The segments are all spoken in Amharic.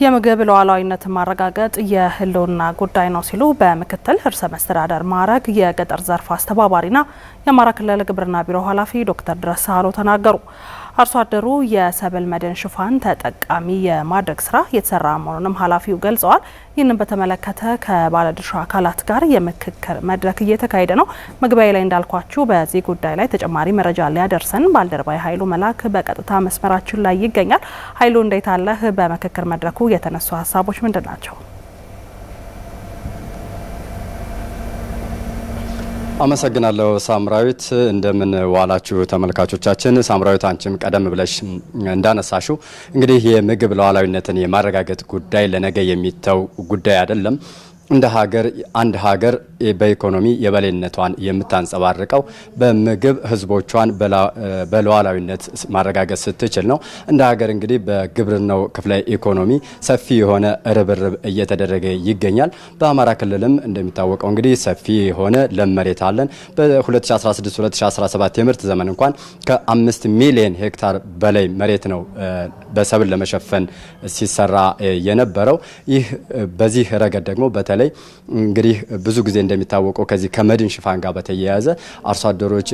የምግብ ሉዓላዊነትን ማረጋገጥ የህልውና ጉዳይ ነው ሲሉ በምክትል ርዕሰ መስተዳደር ማዕረግ የገጠር ዘርፍ አስተባባሪና የአማራ ክልል ግብርና ቢሮ ኃላፊ ዶክተር ድረስ ሳህሉ ተናገሩ። አርሶ አደሩ የሰብል መድን ሽፋን ተጠቃሚ የማድረግ ስራ የተሰራ መሆኑንም ኃላፊው ገልጸዋል። ይህንን በተመለከተ ከባለድርሻ አካላት ጋር የምክክር መድረክ እየተካሄደ ነው። መግቢያ ላይ እንዳልኳችሁ በዚህ ጉዳይ ላይ ተጨማሪ መረጃ ሊያደርሰን ባልደረባዊ ኃይሉ መላክ በቀጥታ መስመራችን ላይ ይገኛል። ኃይሉ እንዴት አለህ? በምክክር መድረኩ የተነሱ ሀሳቦች ምንድን ናቸው? አመሰግናለሁ ሳምራዊት። እንደምን ዋላችሁ ተመልካቾቻችን። ሳምራዊት አንቺም ቀደም ብለሽ እንዳነሳሹ እንግዲህ የምግብ ሉዓላዊነትን የማረጋገጥ ጉዳይ ለነገ የሚተው ጉዳይ አይደለም። እንደ ሀገር አንድ ሀገር በኢኮኖሚ የበላይነቷን የምታንጸባርቀው በምግብ ህዝቦቿን በለዋላዊነት ማረጋገጥ ስትችል ነው። እንደ ሀገር እንግዲህ በግብርናው ክፍለ ኢኮኖሚ ሰፊ የሆነ ርብርብ እየተደረገ ይገኛል። በአማራ ክልልም እንደሚታወቀው እንግዲህ ሰፊ የሆነ ለም መሬት አለን። በ2016-2017 የምርት ዘመን እንኳን ከአምስት ሚሊዮን ሄክታር በላይ መሬት ነው በሰብል ለመሸፈን ሲሰራ የነበረው። ይህ በዚህ ረገድ ደግሞ በተ በተለይ እንግዲህ ብዙ ጊዜ እንደሚታወቀው ከዚህ ከመድን ሽፋን ጋር በተያያዘ አርሶ አደሮች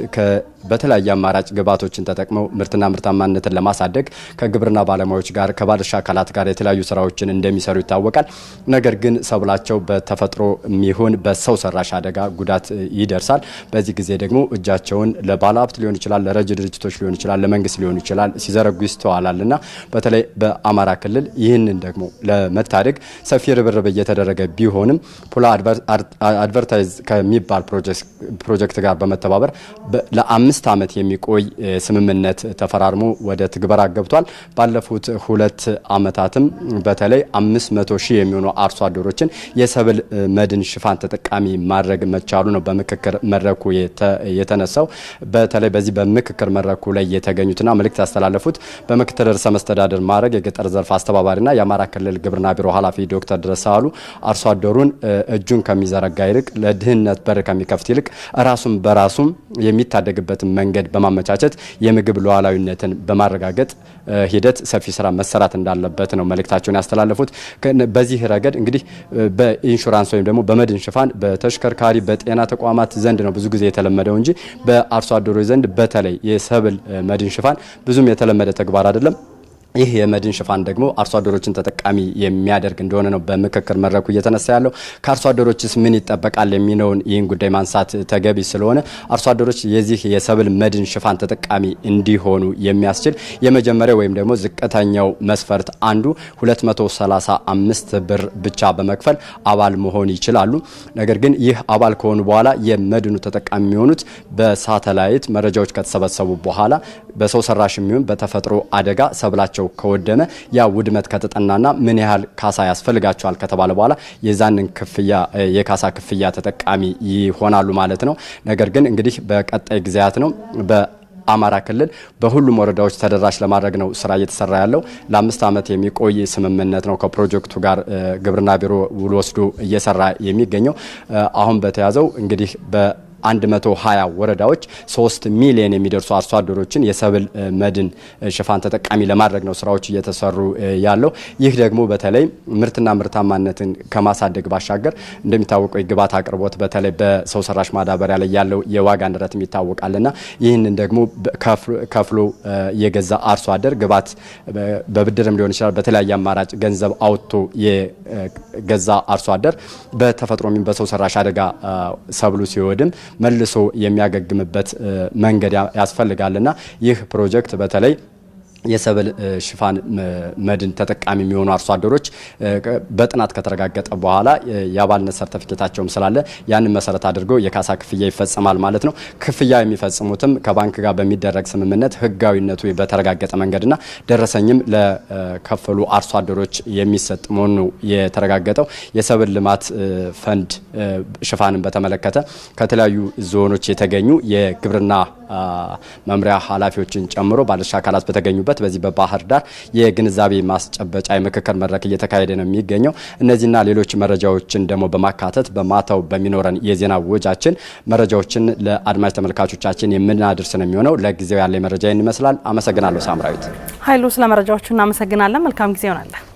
በተለያዩ አማራጭ ግብዓቶችን ተጠቅመው ምርትና ምርታማነትን ለማሳደግ ከግብርና ባለሙያዎች ጋር ከባለድርሻ አካላት ጋር የተለያዩ ስራዎችን እንደሚሰሩ ይታወቃል። ነገር ግን ሰብላቸው በተፈጥሮ የሚሆን በሰው ሰራሽ አደጋ ጉዳት ይደርሳል። በዚህ ጊዜ ደግሞ እጃቸውን ለባለሀብት ሊሆን ይችላል፣ ለረጅ ድርጅቶች ሊሆን ይችላል፣ ለመንግስት ሊሆን ይችላል ሲዘረጉ ይስተዋላል እና በተለይ በአማራ ክልል ይህንን ደግሞ ለመታደግ ሰፊ ርብርብ እየተደረገ ቢሆንም አሁንም ፖላ አድቨርታይዝ ከሚባል ፕሮጀክት ጋር በመተባበር ለአምስት ዓመት የሚቆይ ስምምነት ተፈራርሞ ወደ ትግበራ ገብቷል። ባለፉት ሁለት ዓመታትም በተለይ አምስት መቶ ሺህ የሚሆኑ አርሶ አደሮችን የሰብል መድን ሽፋን ተጠቃሚ ማድረግ መቻሉ ነው በምክክር መድረኩ የተነሳው። በተለይ በዚህ በምክክር መድረኩ ላይ የተገኙትና መልእክት ያስተላለፉት በምክትል ርዕሰ መስተዳድር ማድረግ የገጠር ዘርፍ አስተባባሪና የአማራ ክልል ግብርና ቢሮ ኃላፊ ዶክተር ድረስ አርሶ አደሩ ችግሩን እጁን ከሚዘረጋ ይልቅ ለድህነት በር ከሚከፍት ይልቅ ራሱን በራሱም የሚታደግበትን መንገድ በማመቻቸት የምግብ ሉዓላዊነትን በማረጋገጥ ሂደት ሰፊ ስራ መሰራት እንዳለበት ነው መልእክታቸውን ያስተላለፉት። በዚህ ረገድ እንግዲህ በኢንሹራንስ ወይም ደግሞ በመድን ሽፋን በተሽከርካሪ በጤና ተቋማት ዘንድ ነው ብዙ ጊዜ የተለመደው እንጂ በአርሶ አደሮች ዘንድ በተለይ የሰብል መድን ሽፋን ብዙም የተለመደ ተግባር አይደለም። ይህ የመድን ሽፋን ደግሞ አርሶ አደሮችን ተጠቃሚ የሚያደርግ እንደሆነ ነው በምክክር መድረኩ እየተነሳ ያለው። ከአርሶ አደሮችስ ምን ይጠበቃል የሚለውን ይህን ጉዳይ ማንሳት ተገቢ ስለሆነ አርሶ አደሮች የዚህ የሰብል መድን ሽፋን ተጠቃሚ እንዲሆኑ የሚያስችል የመጀመሪያው ወይም ደግሞ ዝቅተኛው መስፈርት አንዱ 235 ብር ብቻ በመክፈል አባል መሆን ይችላሉ። ነገር ግን ይህ አባል ከሆኑ በኋላ የመድኑ ተጠቃሚ የሚሆኑት በሳተላይት መረጃዎች ከተሰበሰቡ በኋላ በሰው ሰራሽ የሚሆን በተፈጥሮ አደጋ ሰብላቸው ንብረታቸው ከወደነ ያ ውድመት ከተጠናና ምን ያህል ካሳ ያስፈልጋቸዋል ከተባለ በኋላ የዛንን ክፍያ የካሳ ክፍያ ተጠቃሚ ይሆናሉ ማለት ነው። ነገር ግን እንግዲህ በቀጣይ ጊዜያት ነው አማራ ክልል በሁሉም ወረዳዎች ተደራሽ ለማድረግ ነው ስራ እየተሰራ ያለው። ለአምስት ዓመት የሚቆይ ስምምነት ነው ከፕሮጀክቱ ጋር ግብርና ቢሮ ውል ወስዶ እየሰራ የሚገኘው አሁን በተያዘው እንግዲህ 120 ወረዳዎች 3 ሚሊዮን የሚደርሱ አርሶ አደሮችን የሰብል መድን ሽፋን ተጠቃሚ ለማድረግ ነው ስራዎች እየተሰሩ ያለው። ይህ ደግሞ በተለይ ምርትና ምርታማነትን ከማሳደግ ባሻገር እንደሚታወቀው የግብዓት አቅርቦት በተለይ በሰው ሰራሽ ማዳበሪያ ላይ ያለው የዋጋ ንረትም ይታወቃልና ይህንን ደግሞ ከፍሎ የገዛ አርሶ አደር ግብዓት በብድርም ሊሆን ይችላል በተለያየ አማራጭ ገንዘብ አውጥቶ ገዛ አርሶ አደር በተፈጥሮ በሰው ሰራሽ አደጋ ሰብሉ ሲወድም መልሶ የሚያገግምበት መንገድ ያስፈልጋልና ይህ ፕሮጀክት በተለይ የሰብል ሽፋን መድን ተጠቃሚ የሚሆኑ አርሶ አደሮች በጥናት ከተረጋገጠ በኋላ የአባልነት ሰርተፊኬታቸውም ስላለ ያንን መሰረት አድርገው የካሳ ክፍያ ይፈጸማል ማለት ነው። ክፍያ የሚፈጽሙትም ከባንክ ጋር በሚደረግ ስምምነት ህጋዊነቱ በተረጋገጠ መንገድና ደረሰኝም ለከፈሉ አርሶ አደሮች የሚሰጥ መሆኑ የተረጋገጠው። የሰብል ልማት ፈንድ ሽፋንን በተመለከተ ከተለያዩ ዞኖች የተገኙ የግብርና መምሪያ ኃላፊዎችን ጨምሮ ባለድርሻ አካላት በተገኙበት በዚህ በባህር ዳር የግንዛቤ ማስጨበጫ የምክክር መድረክ እየተካሄደ ነው የሚገኘው። እነዚህና ሌሎች መረጃዎችን ደግሞ በማካተት በማታው በሚኖረን የዜና ወጃችን መረጃዎችን ለአድማጭ ተመልካቾቻችን የምናደርስ ነው የሚሆነው። ለጊዜው ያለ መረጃ ይመስላል። አመሰግናለሁ። ሳምራዊት ኃይሉ ስለ መረጃዎቹ እናመሰግናለን። መልካም ጊዜ ይሆናለን።